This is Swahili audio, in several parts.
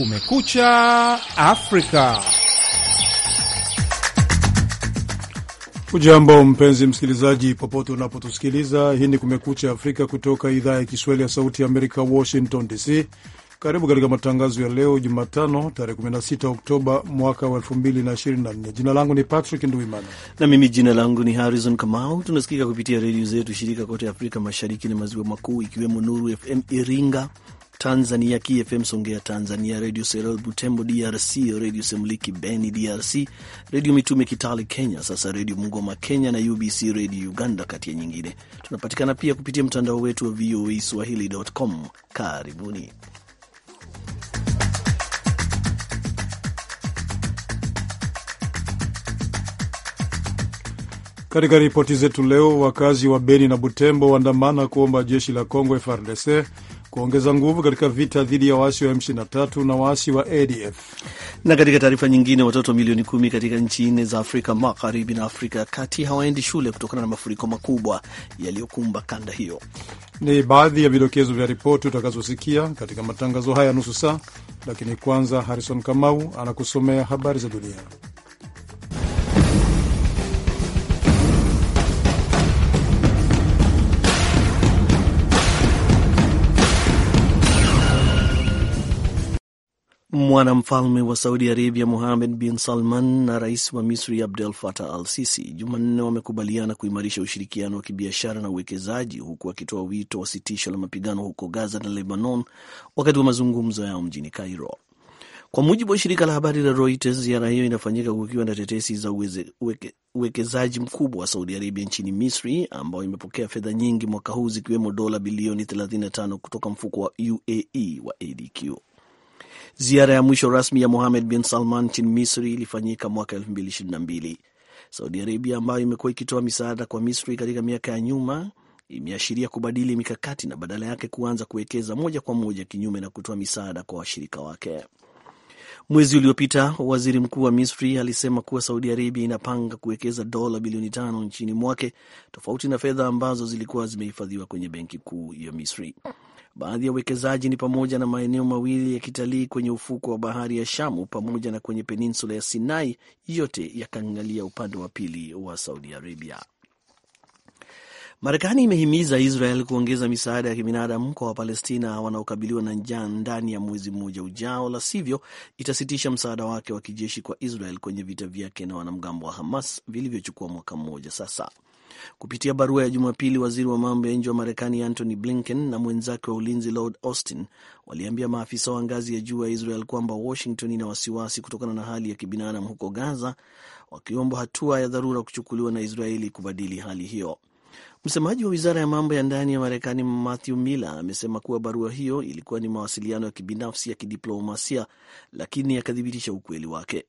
Kumekucha Afrika. Ujambo mpenzi msikilizaji, popote unapotusikiliza. Hii ni Kumekucha Afrika kutoka idhaa ya Kiswahili ya Sauti ya Amerika, Washington DC. Karibu katika matangazo ya leo Jumatano, tarehe 16 Oktoba mwaka wa 2024. Jina langu ni Patrick Nduimana na mimi jina langu ni Harrison Kamau. Tunasikika kupitia redio zetu shirika kote Afrika Mashariki na Maziwa Makuu, ikiwemo Nuru FM Iringa, Tanzania, KFM Songea Tanzania, redio Serel Butembo DRC, redio Semliki Beni DRC, redio Mitume Kitale Kenya, sasa redio Mungoma Kenya na UBC redio Uganda, kati ya nyingine. Tunapatikana pia kupitia mtandao wetu wa VOA Swahili.com. Karibuni. Katika ripoti zetu leo, wakazi wa Beni na Butembo waandamana kuomba jeshi la congo frdc kuongeza nguvu katika vita dhidi ya waasi wa M23 na waasi wa ADF. Na katika taarifa nyingine, watoto milioni kumi katika nchi nne za Afrika Magharibi na Afrika ya Kati hawaendi shule kutokana na mafuriko makubwa yaliyokumba kanda hiyo. Ni baadhi ya vidokezo vya ripoti utakazosikia katika matangazo haya nusu saa, lakini kwanza, Harrison Kamau anakusomea habari za dunia. Mwanamfalme wa Saudi Arabia Mohamed bin Salman na rais wa Misri Abdel Fattah al Sisi Jumanne wamekubaliana kuimarisha ushirikiano wa kibiashara na uwekezaji huku akitoa wito wa sitisho la mapigano huko Gaza na Lebanon wakati wa mazungumzo yao mjini Cairo. Kwa mujibu wa shirika la habari la Reuters, ziara hiyo inafanyika kukiwa na tetesi za uwekezaji uweke, uwekezaji mkubwa wa Saudi Arabia nchini Misri ambayo imepokea fedha nyingi mwaka huu zikiwemo dola bilioni 35 kutoka mfuko wa UAE wa ADQ. Ziara ya mwisho rasmi ya Mohamed bin Salman nchini Misri ilifanyika mwaka 2022. Saudi Arabia ambayo imekuwa ikitoa misaada kwa Misri katika miaka ya nyuma imeashiria kubadili mikakati na badala yake kuanza kuwekeza moja kwa moja, kinyume na kutoa misaada kwa washirika wake. Mwezi uliopita waziri mkuu wa Misri alisema kuwa Saudi Arabia inapanga kuwekeza dola bilioni tano nchini mwake, tofauti na fedha ambazo zilikuwa zimehifadhiwa kwenye benki kuu ya Misri. Baadhi ya uwekezaji ni pamoja na maeneo mawili ya kitalii kwenye ufuko wa bahari ya Shamu pamoja na kwenye peninsula ya Sinai, yote yakaangalia upande wa pili wa Saudi Arabia. Marekani imehimiza Israel kuongeza misaada ya kibinadamu kwa Wapalestina wanaokabiliwa na njaa ndani ya mwezi mmoja ujao, la sivyo itasitisha msaada wake wa kijeshi kwa Israel kwenye vita vyake na wanamgambo wa Hamas vilivyochukua mwaka mmoja sasa. Kupitia barua ya Jumapili, waziri wa mambo ya nje wa Marekani Antony Blinken na mwenzake wa ulinzi Lord Austin waliambia maafisa wa ngazi ya juu wa Israel kwamba Washington ina wasiwasi kutokana na hali ya kibinadamu huko Gaza, wakiomba hatua ya dharura kuchukuliwa na Israeli kubadili hali hiyo. Msemaji wa wizara ya mambo ya ndani ya Marekani Matthew Miller amesema kuwa barua hiyo ilikuwa ni mawasiliano ya kibinafsi ya kidiplomasia, lakini akathibitisha ukweli wake.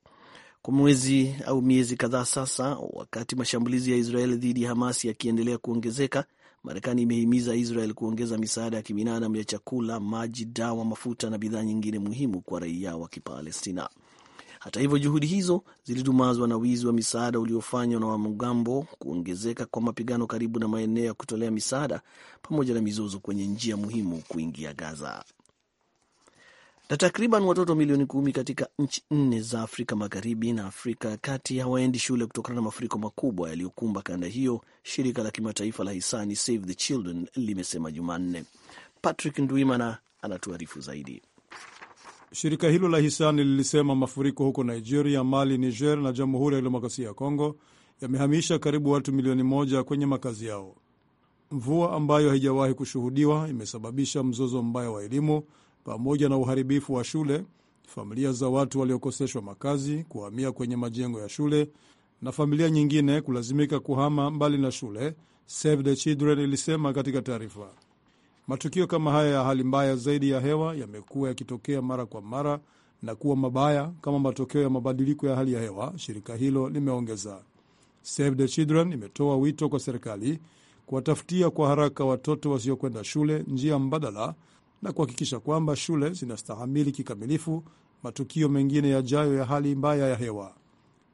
Kwa mwezi au miezi kadhaa sasa, wakati mashambulizi ya israel dhidi ya Hamas yakiendelea kuongezeka, Marekani imehimiza Israel kuongeza misaada ya kibinadamu ya chakula, maji, dawa, mafuta na bidhaa nyingine muhimu kwa raia wa Kipalestina. Hata hivyo, juhudi hizo zilidumazwa na wizi wa misaada uliofanywa na wanamgambo, kuongezeka kwa mapigano karibu na maeneo ya kutolea misaada, pamoja na mizozo kwenye njia muhimu kuingia Gaza. Na takriban watoto milioni kumi katika nchi nne za Afrika Magharibi na Afrika ya Kati hawaendi shule kutokana na mafuriko makubwa yaliyokumba kanda hiyo, shirika la kimataifa la hisani Save the Children limesema Jumanne. Patrick Ndwimana anatuarifu zaidi. Shirika hilo la hisani lilisema mafuriko huko Nigeria, Mali, Niger na Jamhuri ya Kidemokrasia ya Kongo yamehamisha karibu watu milioni moja kwenye makazi yao. Mvua ambayo haijawahi kushuhudiwa imesababisha mzozo mbaya wa elimu pamoja na uharibifu wa shule, familia za watu waliokoseshwa makazi kuhamia kwenye majengo ya shule na familia nyingine kulazimika kuhama mbali na shule, Save the Children ilisema katika taarifa. Matukio kama haya ya hali mbaya zaidi ya hewa yamekuwa yakitokea mara kwa mara na kuwa mabaya kama matokeo ya mabadiliko ya hali ya hewa, shirika hilo limeongeza. Save the Children imetoa wito kwa serikali kuwatafutia kwa haraka watoto wasiokwenda shule njia mbadala na kuhakikisha kwamba shule zinastahamili kikamilifu matukio mengine yajayo ya hali mbaya ya hewa.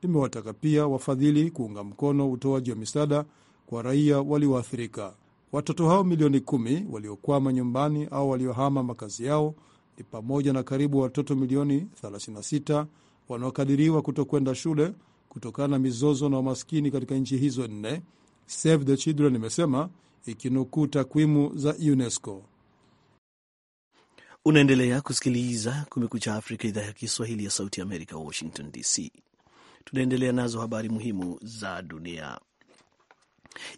Imewataka pia wafadhili kuunga mkono utoaji wa misaada kwa raia walioathirika. Watoto hao milioni kumi waliokwama nyumbani au waliohama makazi yao ni pamoja na karibu watoto milioni 36 wanaokadiriwa kutokwenda shule kutokana na mizozo na umaskini katika nchi hizo nne, Save the Children imesema ikinukuu takwimu za UNESCO. Unaendelea kusikiliza Kumekucha Afrika, idhaa ya Kiswahili ya Sauti ya Amerika, Washington DC. Tunaendelea nazo habari muhimu za dunia.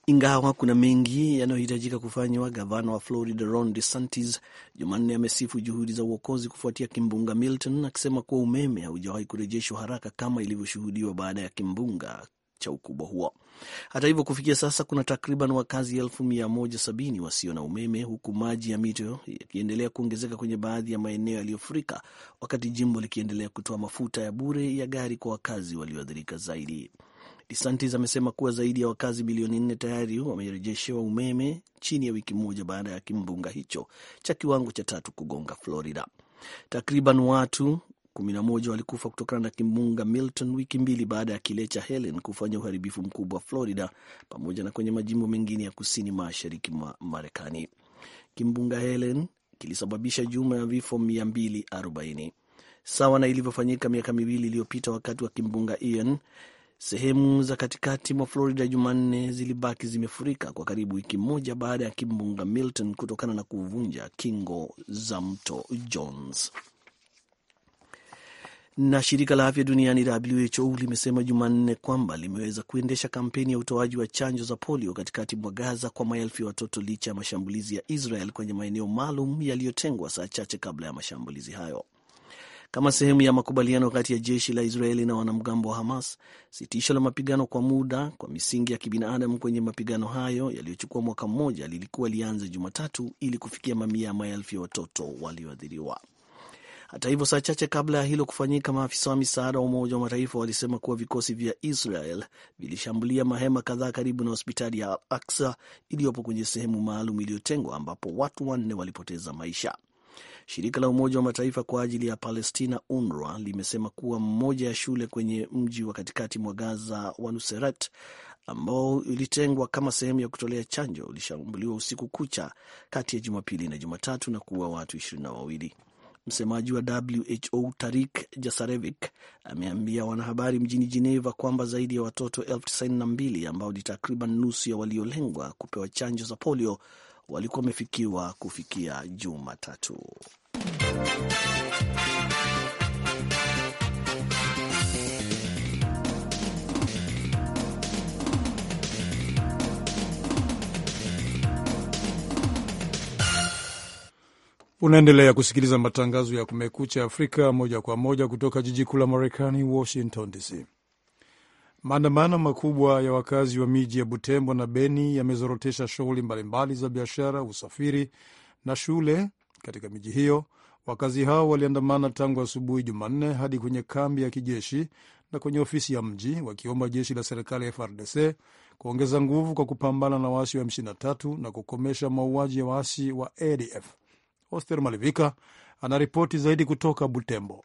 Ingawa kuna mengi yanayohitajika kufanywa, gavana wa Florida Ron DeSantis Jumanne amesifu juhudi za uokozi kufuatia kimbunga Milton, akisema kuwa umeme haujawahi kurejeshwa haraka kama ilivyoshuhudiwa baada ya kimbunga cha ukubwa huo. Hata hivyo, kufikia sasa kuna takriban wakazi elfu mia moja sabini wasio na umeme, huku maji ya mito yakiendelea kuongezeka kwenye baadhi ya maeneo yaliyofurika, wakati jimbo likiendelea kutoa mafuta ya bure ya gari kwa wakazi walioathirika zaidi. DeSantis amesema kuwa zaidi ya wakazi bilioni nne tayari wamerejeshewa umeme chini ya wiki moja baada ya kimbunga hicho cha kiwango cha tatu kugonga Florida. Takriban watu kumi na moja walikufa kutokana na kimbunga Milton wiki mbili baada ya kile cha Helen kufanya uharibifu mkubwa wa Florida pamoja na kwenye majimbo mengine ya kusini mashariki mwa Marekani. Kimbunga Helen kilisababisha jumla ya vifo 240 sawa na ilivyofanyika miaka miwili iliyopita wakati wa kimbunga Ian Sehemu za katikati mwa Florida Jumanne zilibaki zimefurika kwa karibu wiki moja baada ya kimbunga Milton kutokana na kuvunja kingo za mto Jones. Na shirika la afya duniani WHO limesema Jumanne kwamba limeweza kuendesha kampeni ya utoaji wa chanjo za polio katikati mwa Gaza kwa maelfu ya watoto licha ya mashambulizi ya Israel kwenye maeneo maalum yaliyotengwa saa chache kabla ya mashambulizi hayo kama sehemu ya makubaliano kati ya jeshi la Israeli na wanamgambo wa Hamas, sitisho la mapigano kwa muda kwa misingi ya kibinadamu kwenye mapigano hayo yaliyochukua mwaka mmoja lilikuwa lianze Jumatatu ili kufikia mamia ya maelfu ya watoto walioathiriwa. Hata hivyo, saa chache kabla ya hilo kufanyika, maafisa wa misaada wa Umoja wa Mataifa walisema kuwa vikosi vya Israel vilishambulia mahema kadhaa karibu na hospitali ya al iliyopo kwenye sehemu maalum iliyotengwa ambapo watu wanne walipoteza maisha. Shirika la Umoja wa Mataifa kwa ajili ya Palestina, UNRWA, limesema kuwa mmoja ya shule kwenye mji wa katikati mwa Gaza wa Nuseret ambao ilitengwa kama sehemu ya kutolea chanjo ulishambuliwa usiku kucha kati ya Jumapili na Jumatatu na kuua watu ishirini na wawili. Msemaji wa WHO Tarik Jasarevic ameambia wanahabari mjini Geneva kwamba zaidi ya watoto elfu tisini na mbili ambao ni takriban nusu ya waliolengwa kupewa chanjo za polio walikuwa wamefikiwa kufikia Jumatatu. Unaendelea kusikiliza matangazo ya Kumekucha Afrika moja kwa moja kutoka jiji kuu la Marekani, Washington DC. Maandamano makubwa ya wakazi wa miji ya Butembo na Beni yamezorotesha shughuli mbalimbali za biashara, usafiri na shule katika miji hiyo. Wakazi hao waliandamana tangu asubuhi Jumanne hadi kwenye kambi ya kijeshi na kwenye ofisi ya mji wakiomba jeshi la serikali ya FRDC kuongeza nguvu kwa kupambana na waasi wa M23 na kukomesha mauaji ya waasi wa ADF. Oster Malivika anaripoti zaidi kutoka Butembo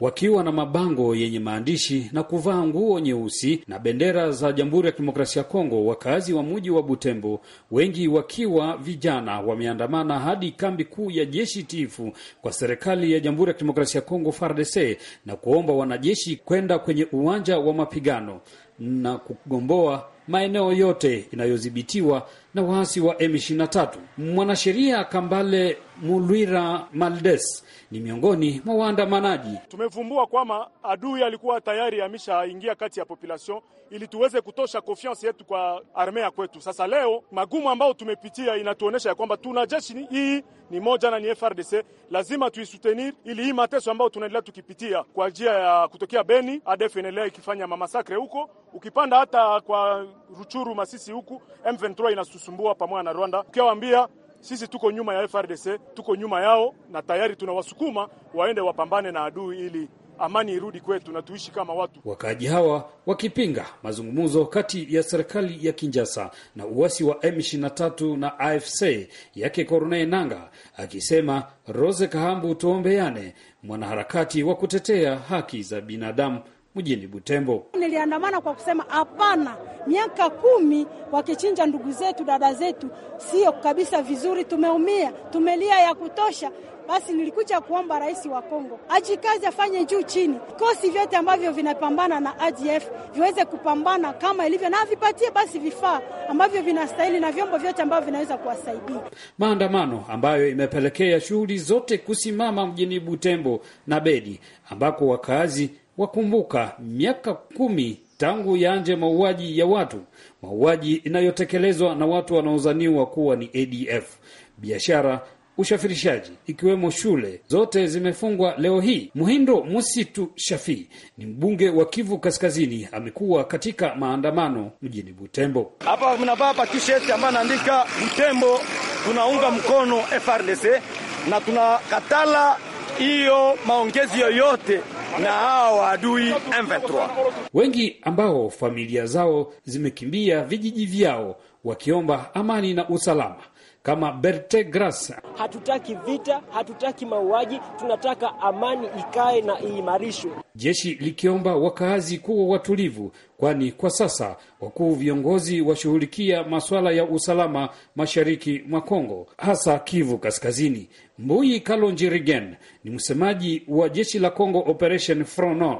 wakiwa na mabango yenye maandishi na kuvaa nguo nyeusi na bendera za Jamhuri ya Kidemokrasia ya Kongo. Wakazi wa muji wa Butembo, wengi wakiwa vijana, wameandamana hadi kambi kuu ya jeshi tifu kwa serikali ya Jamhuri ya Kidemokrasia ya Kongo, FARDC, na kuomba wanajeshi kwenda kwenye uwanja wa mapigano na kugomboa maeneo yote inayodhibitiwa na waasi wa M23. Mwanasheria Kambale Mulwira Maldes ni miongoni mwa waandamanaji. Tumevumbua kwamba adui alikuwa tayari ameshaingia kati ya population ili tuweze kutosha confiance yetu kwa armea ya kwetu. Sasa leo magumu ambayo tumepitia inatuonyesha ya kwamba tuna jeshi hii ni moja na ni FRDC, lazima tuisutenir ili hii mateso ambayo tunaendelea tukipitia kwa njia ya kutokea Beni ADF inaendelea ikifanya mamasakre huko, ukipanda hata kwa Ruchuru Masisi huku M23 ina wanatusumbua pamoja na Rwanda, ukiwaambia sisi tuko nyuma ya FRDC, tuko nyuma yao na tayari tunawasukuma waende wapambane na adui ili amani irudi kwetu na tuishi kama watu. Wakaaji hawa wakipinga mazungumzo kati ya serikali ya Kinjasa na uasi wa M23 na AFC yake Corneille nanga akisema, Rose Kahambu, tuombeane, mwanaharakati wa kutetea haki za binadamu mjini Butembo. Niliandamana kwa kusema hapana, miaka kumi wakichinja ndugu zetu, dada zetu, sio kabisa vizuri. Tumeumia, tumelia ya kutosha. Basi nilikuja kuomba rais wa Kongo ajikazi, afanye juu chini, vikosi vyote ambavyo vinapambana na ADF viweze kupambana kama ilivyo, na vipatie basi vifaa ambavyo vinastahili na vyombo vyote ambavyo vinaweza kuwasaidia. Maandamano ambayo imepelekea shughuli zote kusimama mjini Butembo na Bedi ambako wakazi wakumbuka miaka kumi tangu yanje mauaji ya watu, mauaji inayotekelezwa na watu wanaozaniwa kuwa ni ADF. Biashara, ushafirishaji, ikiwemo shule zote zimefungwa leo hii. Muhindo Musitu Shafii ni mbunge wa Kivu Kaskazini, amekuwa katika maandamano mjini Butembo. Hapa mnavaa hapa ambayo naandika Butembo tunaunga mkono FRDC na tunakatala hiyo maongezi yoyote na hao waadui M23 wengi ambao familia zao zimekimbia vijiji vyao wakiomba amani na usalama kama Berte Grasa. Hatutaki vita, hatutaki mauaji, tunataka amani ikae na iimarishwe. Jeshi likiomba wakaazi kuwa watulivu kwani kwa sasa wakuu viongozi washughulikia masuala ya usalama mashariki mwa Kongo, hasa Kivu Kaskazini. Mbuyi Kalonji Rigen ni msemaji wa jeshi la congo Operation Fronor.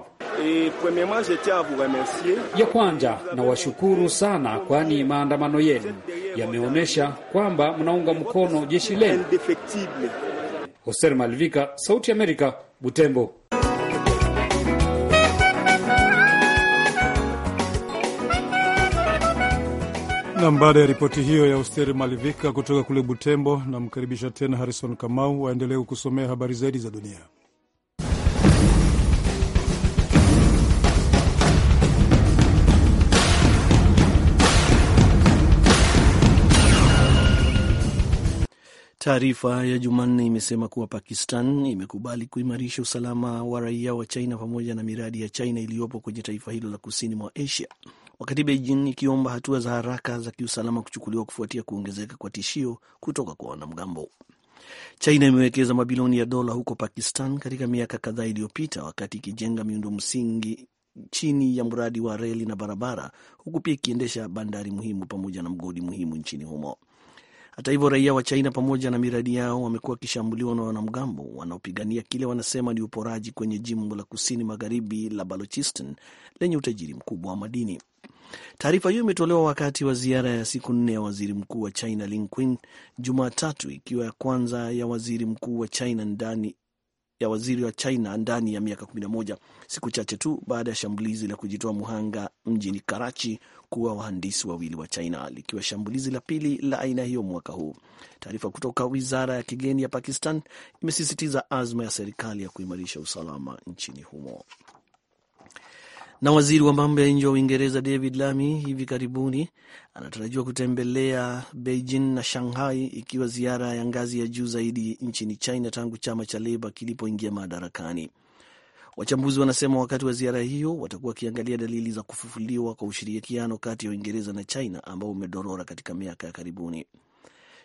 Ya kwanza, na washukuru sana, kwani maandamano yenu yameonyesha kwamba mnaunga mkono jeshi lenu. Hoser Malvika, Sauti Amerika, Butembo. Na baada ya ripoti hiyo ya Usteri Malivika kutoka kule Butembo, namkaribisha tena Harrison Kamau waendelee kusomea habari zaidi za dunia. Taarifa ya Jumanne imesema kuwa Pakistan imekubali kuimarisha usalama wa raia wa China pamoja na miradi ya China iliyopo kwenye taifa hilo la kusini mwa Asia wakati Beijing ikiomba hatua za haraka za kiusalama kuchukuliwa kufuatia kuongezeka kwa tishio kutoka kwa wanamgambo. China imewekeza mabilioni ya dola huko Pakistan katika miaka kadhaa iliyopita, wakati ikijenga miundo msingi chini ya mradi wa reli na barabara, huku pia ikiendesha bandari muhimu pamoja na mgodi muhimu nchini humo. Hata hivyo, raia wa China pamoja na miradi yao wamekuwa wakishambuliwa na wanamgambo wanaopigania kile wanasema ni uporaji kwenye jimbo la kusini magharibi la Balochistan lenye utajiri mkubwa wa madini. Taarifa hiyo imetolewa wakati wa ziara ya siku nne ya waziri mkuu wa China Li Qiang Jumatatu, ikiwa ya kwanza ya waziri mkuu wa China ndani ya waziri wa China ndani ya miaka 11 siku chache tu baada ya shambulizi la kujitoa muhanga mjini Karachi kuwa wahandisi wawili wa China, likiwa shambulizi la pili la aina hiyo mwaka huu. Taarifa kutoka wizara ya kigeni ya Pakistan imesisitiza azma ya serikali ya kuimarisha usalama nchini humo. Na waziri wa mambo ya nje wa Uingereza David Lammy hivi karibuni anatarajiwa kutembelea Beijing na Shanghai, ikiwa ziara ya ngazi ya juu zaidi nchini China tangu chama cha Leba kilipoingia madarakani. Wachambuzi wanasema wakati wa ziara hiyo watakuwa wakiangalia dalili za kufufuliwa kwa ushirikiano kati ya Uingereza na China ambao umedorora katika miaka ya karibuni.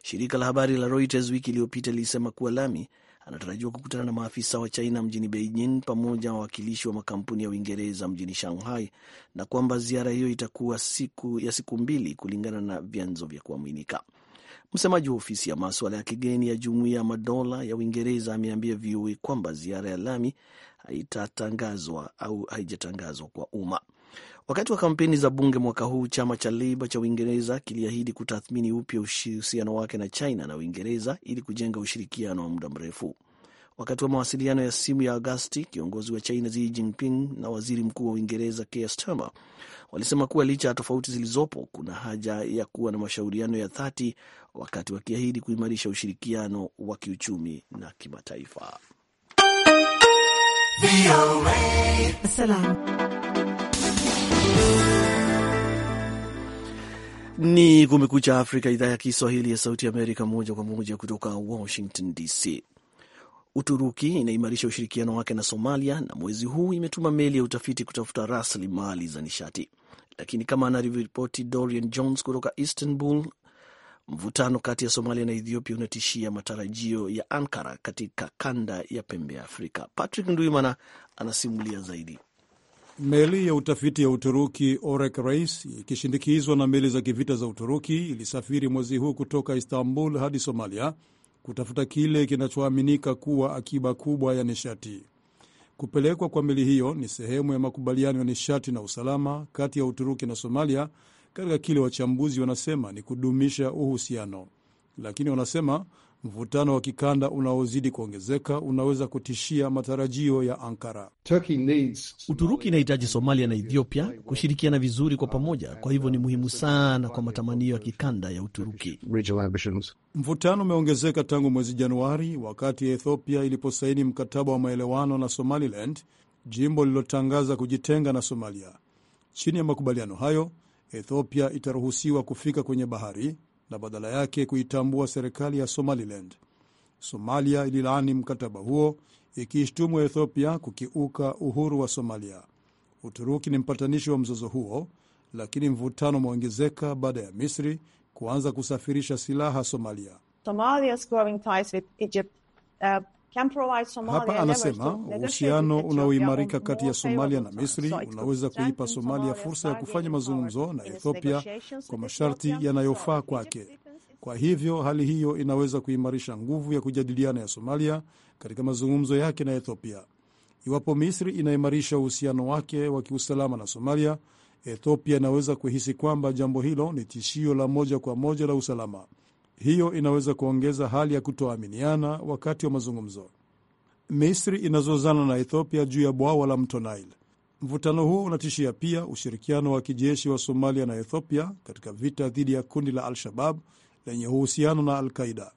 Shirika la habari la Reuters wiki iliyopita lilisema kuwa Lami anatarajiwa kukutana na maafisa wa China mjini Beijing pamoja na wawakilishi wa makampuni ya Uingereza mjini Shanghai na kwamba ziara hiyo itakuwa siku ya siku mbili kulingana na vyanzo vya kuaminika. Msemaji wa ofisi ya maswala ya kigeni ya Jumuiya ya Madola ya Uingereza ameambia VOA kwamba ziara ya lami haitatangazwa au haijatangazwa kwa umma. Wakati wa kampeni za bunge mwaka huu, chama cha Leba cha Uingereza kiliahidi kutathmini upya uhusiano wake na China na Uingereza ili kujenga ushirikiano wa muda mrefu. Wakati wa mawasiliano ya simu ya Agasti, kiongozi wa China Xi Jinping na waziri mkuu wa Uingereza Keir Starmer walisema kuwa licha ya tofauti zilizopo, kuna haja ya kuwa na mashauriano ya dhati, wakati wakiahidi kuimarisha ushirikiano wa kiuchumi na kimataifa. Ni Kumekucha Afrika, idhaa ya Kiswahili ya Sauti Amerika, moja kwa moja kutoka Washington DC. Uturuki inaimarisha ushirikiano wake na Somalia na mwezi huu imetuma meli ya utafiti kutafuta rasilimali za nishati, lakini kama anavyoripoti Dorian Jones kutoka Istanbul, mvutano kati ya Somalia na Ethiopia unatishia matarajio ya Ankara katika kanda ya pembe ya Afrika. Patrick Ndwimana anasimulia zaidi. Meli ya utafiti ya Uturuki Orek Reis ikishindikizwa na meli za kivita za Uturuki ilisafiri mwezi huu kutoka Istanbul hadi Somalia kutafuta kile kinachoaminika kuwa akiba kubwa ya nishati. Kupelekwa kwa meli hiyo ni sehemu ya makubaliano ya nishati na usalama kati ya Uturuki na Somalia katika kile wachambuzi wanasema ni kudumisha uhusiano, lakini wanasema Mvutano wa kikanda unaozidi kuongezeka unaweza kutishia matarajio ya Ankara. Needs... Uturuki inahitaji Somalia na Ethiopia kushirikiana vizuri kwa pamoja, kwa hivyo ni muhimu sana kwa matamanio ya kikanda ya Uturuki. Mvutano umeongezeka tangu mwezi Januari wakati Ethiopia iliposaini mkataba wa maelewano na Somaliland, jimbo lililotangaza kujitenga na Somalia. Chini ya makubaliano hayo, Ethiopia itaruhusiwa kufika kwenye bahari na badala yake kuitambua serikali ya Somaliland. Somalia ililaani mkataba huo ikiishtumu Ethiopia kukiuka uhuru wa Somalia. Uturuki ni mpatanishi wa mzozo huo, lakini mvutano umeongezeka baada ya Misri kuanza kusafirisha silaha Somalia. Somalia's growing ties with Egypt, uh, hapa anasema uhusiano unaoimarika kati ya Somalia na Misri unaweza kuipa Somalia fursa ya kufanya mazungumzo na Ethiopia kwa masharti yanayofaa kwake. Kwa hivyo hali hiyo inaweza kuimarisha nguvu ya kujadiliana ya Somalia katika mazungumzo yake na Ethiopia. Iwapo Misri inaimarisha uhusiano wake wa kiusalama na Somalia, Ethiopia inaweza kuhisi kwamba jambo hilo ni tishio la moja kwa moja la usalama hiyo inaweza kuongeza hali ya kutoaminiana wakati wa mazungumzo. Misri inazozana na Ethiopia juu ya bwawa la mto Nile. Mvutano huo unatishia pia ushirikiano wa kijeshi wa Somalia na Ethiopia katika vita dhidi ya kundi la Al-Shabab lenye uhusiano na Al-Qaida.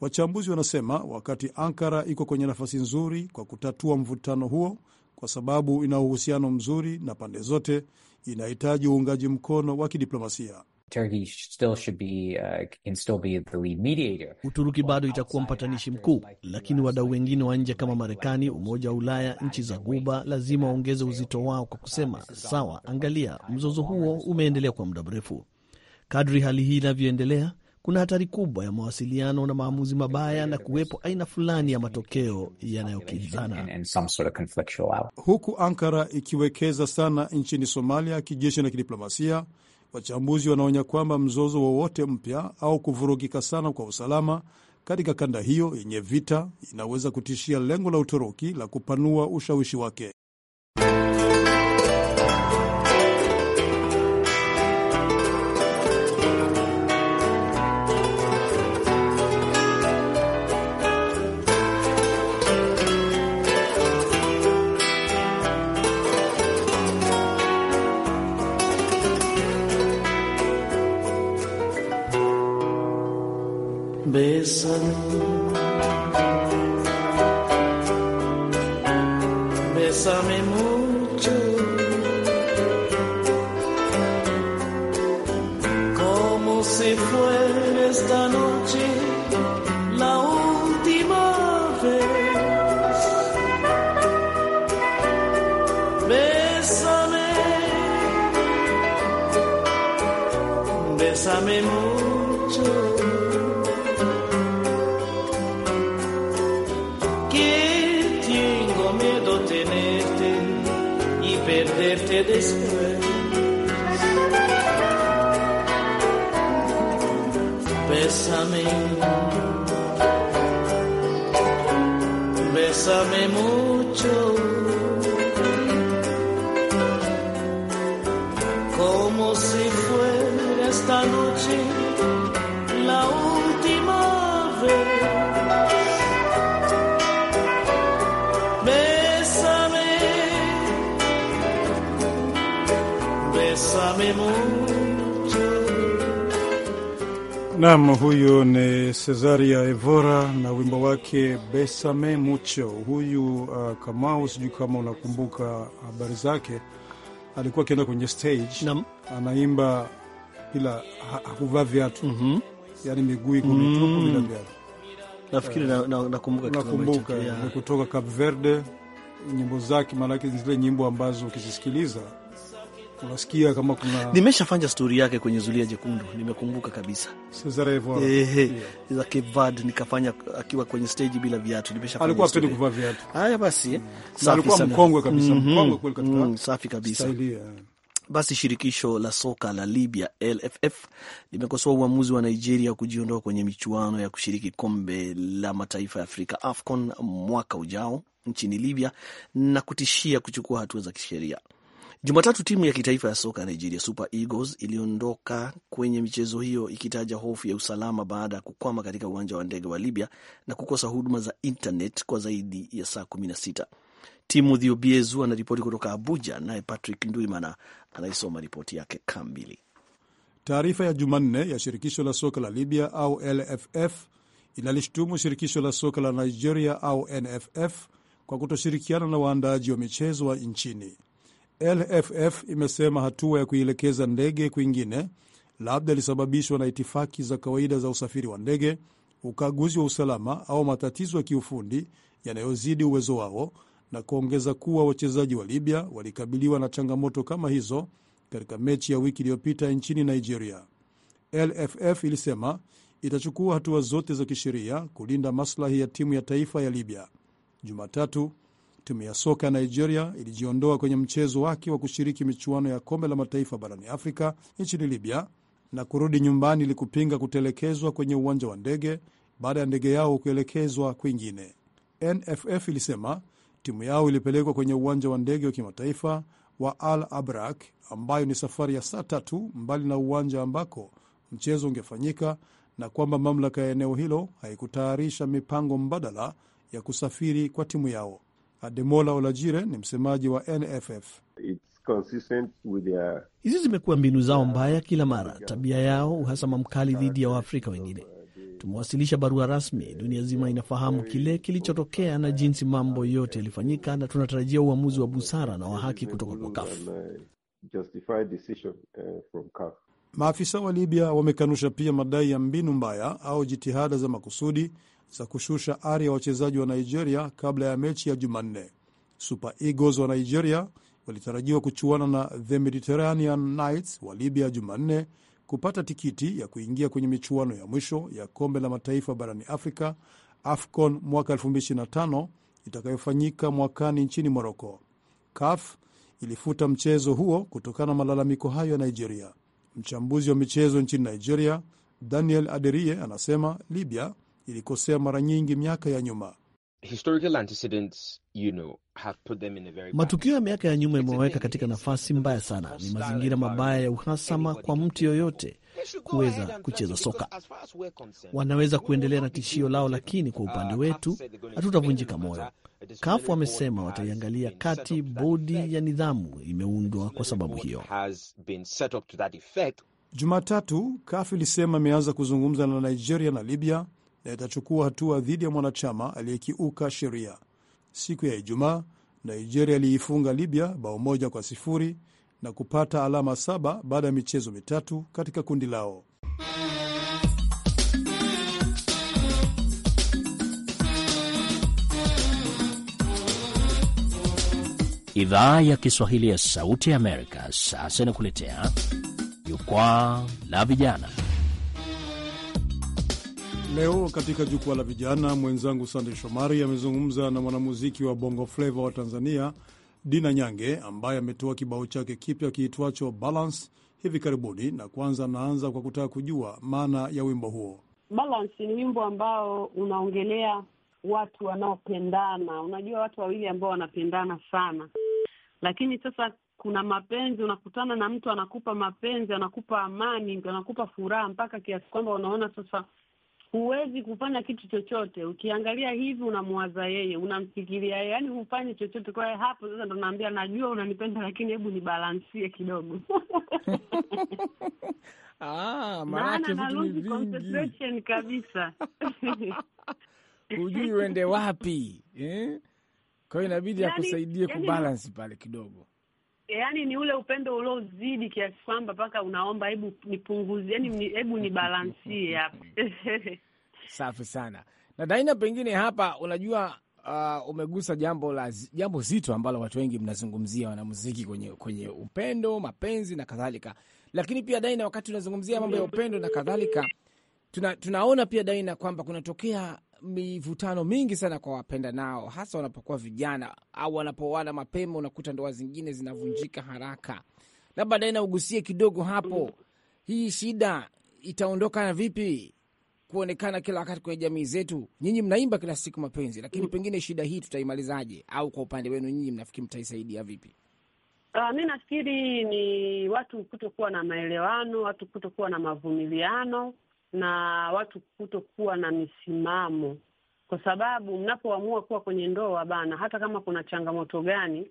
Wachambuzi wanasema wakati Ankara iko kwenye nafasi nzuri kwa kutatua mvutano huo kwa sababu ina uhusiano mzuri na pande zote, inahitaji uungaji mkono wa kidiplomasia. Turkey still should be, uh, can still be the lead mediator. Uturuki bado itakuwa mpatanishi mkuu, lakini wadau wengine wa nje kama Marekani, Umoja wa Ulaya, nchi za Guba lazima waongeze uzito wao kwa kusema sawa, angalia, mzozo huo umeendelea kwa muda mrefu. Kadri hali hii inavyoendelea, kuna hatari kubwa ya mawasiliano na maamuzi mabaya na kuwepo aina fulani ya matokeo yanayokinzana, huku Ankara ikiwekeza sana nchini Somalia kijeshi na kidiplomasia Wachambuzi wanaonya kwamba mzozo wowote mpya au kuvurugika sana kwa usalama katika kanda hiyo yenye vita inaweza kutishia lengo la Uturuki la kupanua ushawishi wake. Bésame, bésame mucho. Nam, huyu ni Cesaria Evora na wimbo wake besame mucho. Huyu uh, Kamau, sijui kama unakumbuka habari zake, alikuwa akienda kwenye stage Nam. anaimba bila hakuvaa viatu mm -hmm. Yani miguu iko mitupu mm. bila viatu. Nafikiri uh, na, na nakumbuka ni kutoka Cape Verde. Nyimbo zake maanake zile nyimbo ambazo ukizisikiliza unasikia kama kuna nimeshafanya stori yake kwenye Zulia Jekundu, nimekumbuka kabisa ehe, za nikafanya akiwa kwenye stage bila viatu, nimeshafanya alikuwa hapendi kuvaa viatu. Haya basi, eh. alikuwa mkongwe kabisa, mhm. mkongwe kweli katika mm, safi kabisa Basi shirikisho la soka la Libya LFF limekosoa uamuzi wa Nigeria kujiondoa kwenye michuano ya kushiriki kombe la mataifa ya Afrika AFCON mwaka ujao nchini Libya na kutishia kuchukua hatua za kisheria. Jumatatu timu ya kitaifa ya soka ya Nigeria Super Eagles iliondoka kwenye michezo hiyo ikitaja hofu ya usalama baada ya kukwama katika uwanja wa ndege wa Libya na kukosa huduma za internet kwa zaidi ya saa 16. Timothy Obiezu anaripoti kutoka Abuja, naye Patrick Ndwimana anaisoma ripoti yake kamili. Taarifa ya Jumanne ya shirikisho la soka la Libya au LFF inalishutumu shirikisho la soka la Nigeria au NFF kwa kutoshirikiana na waandaaji wa michezo wa nchini. LFF imesema hatua ya kuielekeza ndege kwingine labda ilisababishwa na itifaki za kawaida za usafiri wa ndege, ukaguzi wa usalama au matatizo ya kiufundi yanayozidi uwezo wao, na kuongeza kuwa wachezaji wa Libya walikabiliwa na changamoto kama hizo katika mechi ya wiki iliyopita nchini Nigeria. LFF ilisema itachukua hatua zote za kisheria kulinda maslahi ya timu ya taifa ya Libya. Jumatatu Timu ya soka ya Nigeria ilijiondoa kwenye mchezo wake wa kushiriki michuano ya kombe la mataifa barani Afrika nchini Libya na kurudi nyumbani ili kupinga kutelekezwa kwenye uwanja wa ndege baada ya ndege yao kuelekezwa kwingine. NFF ilisema timu yao ilipelekwa kwenye uwanja wa ndege wa kimataifa wa Al Abrak, ambayo ni safari ya saa tatu mbali na uwanja ambako mchezo ungefanyika, na kwamba mamlaka ya eneo hilo haikutayarisha mipango mbadala ya kusafiri kwa timu yao. Ademola Olajire ni msemaji wa NFF. hizi zimekuwa mbinu zao mbaya kila mara, tabia yao, uhasama mkali dhidi ya Waafrika wengine. Tumewasilisha barua rasmi, dunia zima inafahamu kile kilichotokea na jinsi mambo yote yalifanyika, na tunatarajia uamuzi wa busara na wa haki kutoka kwa CAF. Uh, Maafisa wa Libya wamekanusha pia madai ya mbinu mbaya au jitihada za makusudi za kushusha ari ya wachezaji wa Nigeria kabla ya mechi ya Jumanne. Super Eagles wa Nigeria walitarajiwa kuchuana na the Mediterranean Knights wa Libya Jumanne kupata tikiti ya kuingia kwenye michuano ya mwisho ya kombe la mataifa barani Afrika, AFCON mwaka 2025 itakayofanyika mwakani nchini Moroko. CAF ilifuta mchezo huo kutokana na malalamiko hayo ya Nigeria. Mchambuzi wa michezo nchini Nigeria, Daniel Aderie, anasema Libya ilikosea mara nyingi miaka ya nyuma. matukio ya miaka ya nyuma imeweka katika nafasi mbaya sana. Ni mazingira mabaya ya uhasama kwa mtu yoyote kuweza kucheza soka. Wanaweza kuendelea na tishio lao, lakini kwa uh, upande wetu hatutavunjika moyo. Kafu wamesema wataiangalia kati. Bodi ya nidhamu imeundwa kwa sababu hiyo. Jumatatu, Kafu ilisema imeanza kuzungumza na Nigeria na Libya na itachukua hatua dhidi ya mwanachama aliyekiuka sheria. Siku ya Ijumaa, Nigeria iliifunga Libya bao moja kwa sifuri na kupata alama saba baada ya michezo mitatu katika kundi lao. Idhaa ya Kiswahili ya Sauti ya Amerika sasa inakuletea Jukwaa la Vijana. Leo katika jukwaa la vijana, mwenzangu sandey Shomari amezungumza na mwanamuziki wa bongo fleva wa Tanzania, Dina Nyange, ambaye ametoa kibao chake kipya kiitwacho Balance hivi karibuni, na kwanza anaanza kwa kutaka kujua maana ya wimbo huo. Balance ni wimbo ambao unaongelea watu wanaopendana. Unajua, watu wawili ambao wanapendana sana, lakini sasa kuna mapenzi, unakutana na mtu anakupa mapenzi, anakupa amani, anakupa furaha mpaka kiasi kwamba unaona sasa huwezi kufanya kitu chochote. Ukiangalia hivi, unamwaza yeye, unamfikiria yeye, yaani hufanyi chochote. Kwa hapo sasa ndo naambia, najua unanipenda, lakini hebu nibalansie kidogo ah, kabisa hujui uende wapi eh? Kwa hiyo inabidi yaani, akusaidie yani, kubalansi yani, pale kidogo yani ni ule upendo uliozidi kiasi kwamba mpaka unaomba hebu nipunguzie, yani hebu nibalansie hapa. Safi sana. Na Daina, pengine hapa unajua Uh, umegusa jambo la jambo zito ambalo watu wengi mnazungumzia wanamuziki kwenye, kwenye upendo, mapenzi na kadhalika, lakini pia Daina, wakati tunazungumzia mambo ya upendo na kadhalika, tuna, tunaona pia Daina kwamba kunatokea mivutano mingi sana kwa wapenda nao, hasa wanapokuwa vijana au wanapoana mapema, unakuta ndoa zingine zinavunjika haraka. Labda Daina, naugusie kidogo hapo, hii shida itaondoka na vipi kuonekana kila wakati kwenye jamii zetu? Nyinyi mnaimba kila siku mapenzi, lakini pengine shida hii tutaimalizaje? Au kwa upande wenu nyinyi mnafikiri mtaisaidia vipi? Uh, mi nafikiri ni watu kutokuwa na maelewano, watu kutokuwa na mavumiliano na watu kutokuwa na misimamo, kwa sababu mnapoamua kuwa kwenye ndoa bana, hata kama kuna changamoto gani,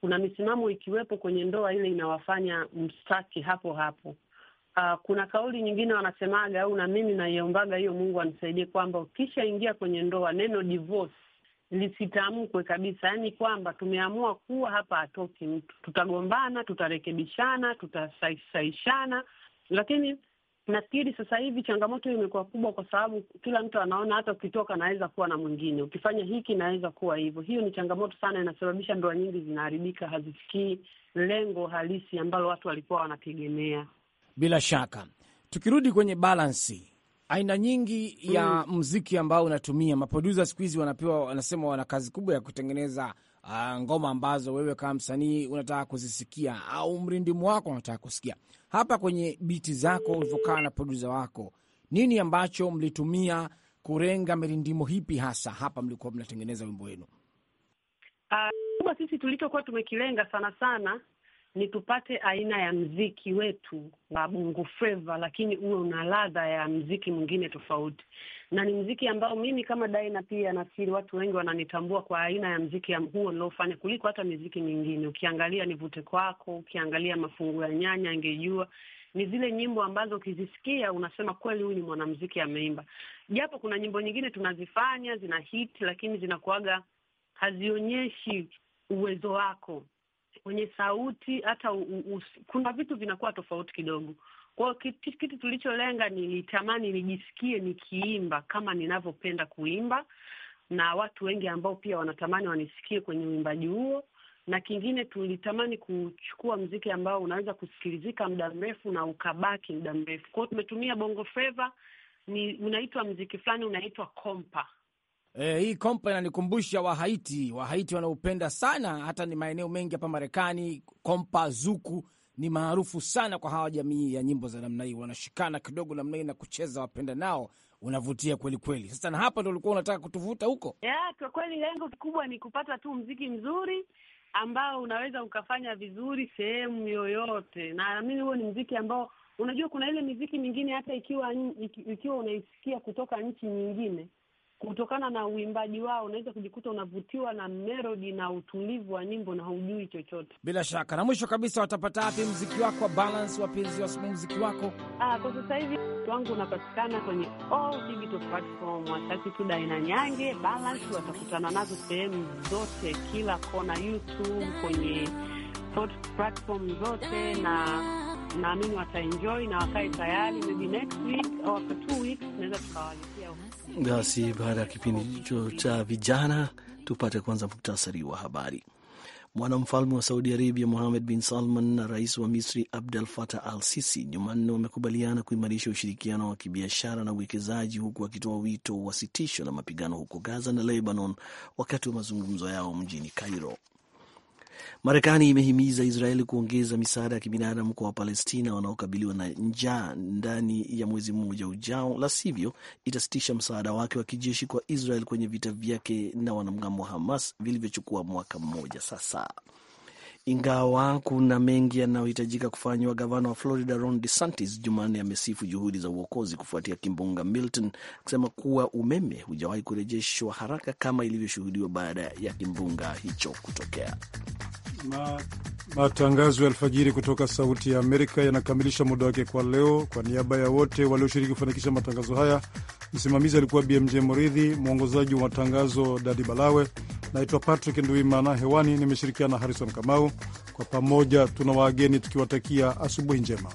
kuna misimamo ikiwepo kwenye ndoa ile inawafanya mstaki hapo hapo. Uh, kuna kauli nyingine wanasemaga au na mimi naiombaga hiyo, Mungu anisaidie, kwamba ukishaingia kwenye ndoa neno divorce lisitamkwe kabisa, yaani kwamba tumeamua kuwa hapa hatoki mtu, tutagombana, tutarekebishana, tutasaishana, lakini Nafikiri sasa hivi changamoto hiyo imekuwa kubwa, kwa sababu kila mtu anaona hata ukitoka naweza kuwa na mwingine, ukifanya hiki naweza kuwa hivyo. Hiyo ni changamoto sana, inasababisha ndoa nyingi zinaharibika, hazifikii lengo halisi ambalo watu walikuwa wanategemea. Bila shaka, tukirudi kwenye balansi aina nyingi ya mm, mziki ambao unatumia maprodusa siku hizi wanapewa, wanasema wana kazi kubwa ya kutengeneza uh, ngoma ambazo wewe kama msanii unataka kuzisikia au mrindimu wako unataka kusikia. Hapa kwenye biti zako ulivyokaa na produsa wako, nini ambacho mlitumia kurenga mirindimo hipi hasa hapa mlikuwa mnatengeneza wimbo wenu? Uh, sisi tulichokuwa tumekilenga sana sana ni tupate aina ya mziki wetu wa bongo flava, lakini uwe una ladha ya mziki mwingine tofauti, na ni mziki ambao mimi kama Daina pia nafikiri watu wengi wananitambua kwa aina ya mziki ya huo ninaofanya kuliko hata miziki mingine. Ukiangalia Nivute Kwako, ukiangalia Mafungu ya Nyanya, Angejua, ni zile nyimbo ambazo ukizisikia unasema kweli huyu ni mwanamziki ameimba, japo kuna nyimbo nyingine tunazifanya zina hit, lakini zinakuaga hazionyeshi uwezo wako kwenye sauti, hata kuna vitu vinakuwa tofauti kidogo. Kwa hiyo kitu tulicholenga, nilitamani nijisikie nikiimba kama ninavyopenda kuimba na watu wengi ambao pia wanatamani wanisikie kwenye uimbaji huo, na kingine tulitamani kuchukua mziki ambao unaweza kusikilizika muda mrefu na ukabaki muda mrefu. Kwa hiyo tumetumia bongo flava, ni unaitwa mziki fulani unaitwa kompa E, hii kompa inanikumbusha Wahaiti. Wahaiti wanaupenda sana, hata ni maeneo mengi hapa Marekani. Kompa zuku ni maarufu sana kwa hawa jamii ya nyimbo za namna hii, wanashikana kidogo namna hii na kucheza, wapenda nao unavutia kweli kweli. Sasa na hapa ndo ulikuwa unataka kutuvuta huko? Yeah, kwa kweli lengo kikubwa ni kupata tu mziki mzuri ambao unaweza ukafanya vizuri sehemu yoyote, na naamini huo ni mziki ambao, unajua kuna ile miziki mingine hata ikiwa ikiwa unaisikia kutoka nchi nyingine kutokana na uimbaji wao unaweza kujikuta unavutiwa na melodi na utulivu wa nyimbo na hujui chochote. Bila shaka. Na mwisho kabisa, watapata wapi mziki wako wa balance, wapenzi wa mziki wako? Aa, ah, kwa sasa hivi wangu unapatikana kwenye all digital platform. tu Daina Nyange balance, watakutana nazo sehemu zote, kila kona, YouTube, kwenye platform zote, na naamini wataenjoy na wakae tayari, maybe next week au two weeks tunaweza tukawalikia basi baada ya kipindi hicho cha vijana, tupate kwanza muktasari wa habari. Mwanamfalme wa Saudi Arabia Mohamed bin Salman na rais wa Misri Abdel Fattah al Sisi Jumanne wamekubaliana kuimarisha ushirikiano wa kibiashara na uwekezaji huku wakitoa wito wa sitisho la mapigano huko Gaza na Lebanon wakati wa mazungumzo yao mjini Cairo. Marekani imehimiza Israeli kuongeza misaada ya kibinadamu kwa Wapalestina wanaokabiliwa na njaa ndani ya mwezi mmoja ujao, la sivyo itasitisha msaada wake wa kijeshi kwa Israel kwenye vita vyake na wanamgambo wa Hamas vilivyochukua mwaka mmoja sasa. Ingawa kuna mengi yanayohitajika kufanywa, gavana wa Florida Ron DeSantis Jumanne amesifu juhudi za uokozi kufuatia kimbunga Milton, akisema kuwa umeme hujawahi kurejeshwa haraka kama ilivyoshuhudiwa baada ya kimbunga hicho kutokea. Matangazo ya alfajiri kutoka Sauti ya Amerika yanakamilisha muda wake kwa leo. Kwa niaba ya wote walioshiriki kufanikisha matangazo haya, msimamizi alikuwa BMJ Moridhi, mwongozaji wa matangazo Dadi Balawe. Naitwa Patrick Nduimana, hewani nimeshirikiana na Harrison Kamau. Kwa pamoja tuna wageni tukiwatakia asubuhi njema.